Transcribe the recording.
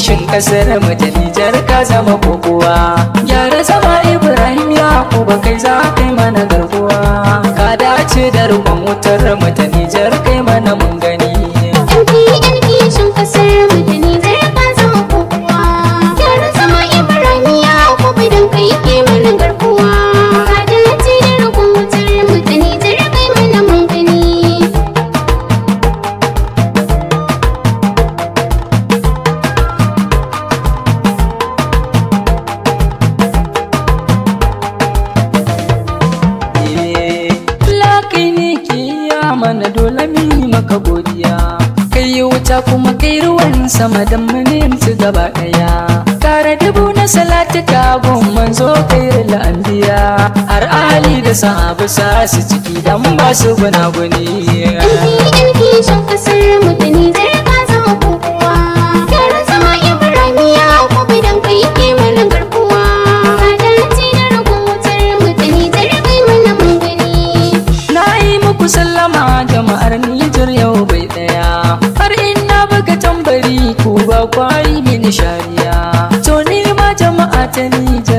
kishin kasar mu Nijar ka zama kokowa gyara zama Ibrahim ya ba kai za kai mana garkuwa ka dace da ruban wutar mu Nijar kai mana mun gani Yanki ka zama dan mana garkuwa mana dole mu yi maka godiya kai yi wuta kuma kai ruwan sama dan mu su gaba daya kara dubu na salati ta gun manzo kai biya. har ali da sahabu sa su ciki dan ba su ni ilki ilki shan kasar mutane jihar Nijar yau bai daya har ina buga tambari ko ba kwari mini shariya to ni ma jama'a ta ni.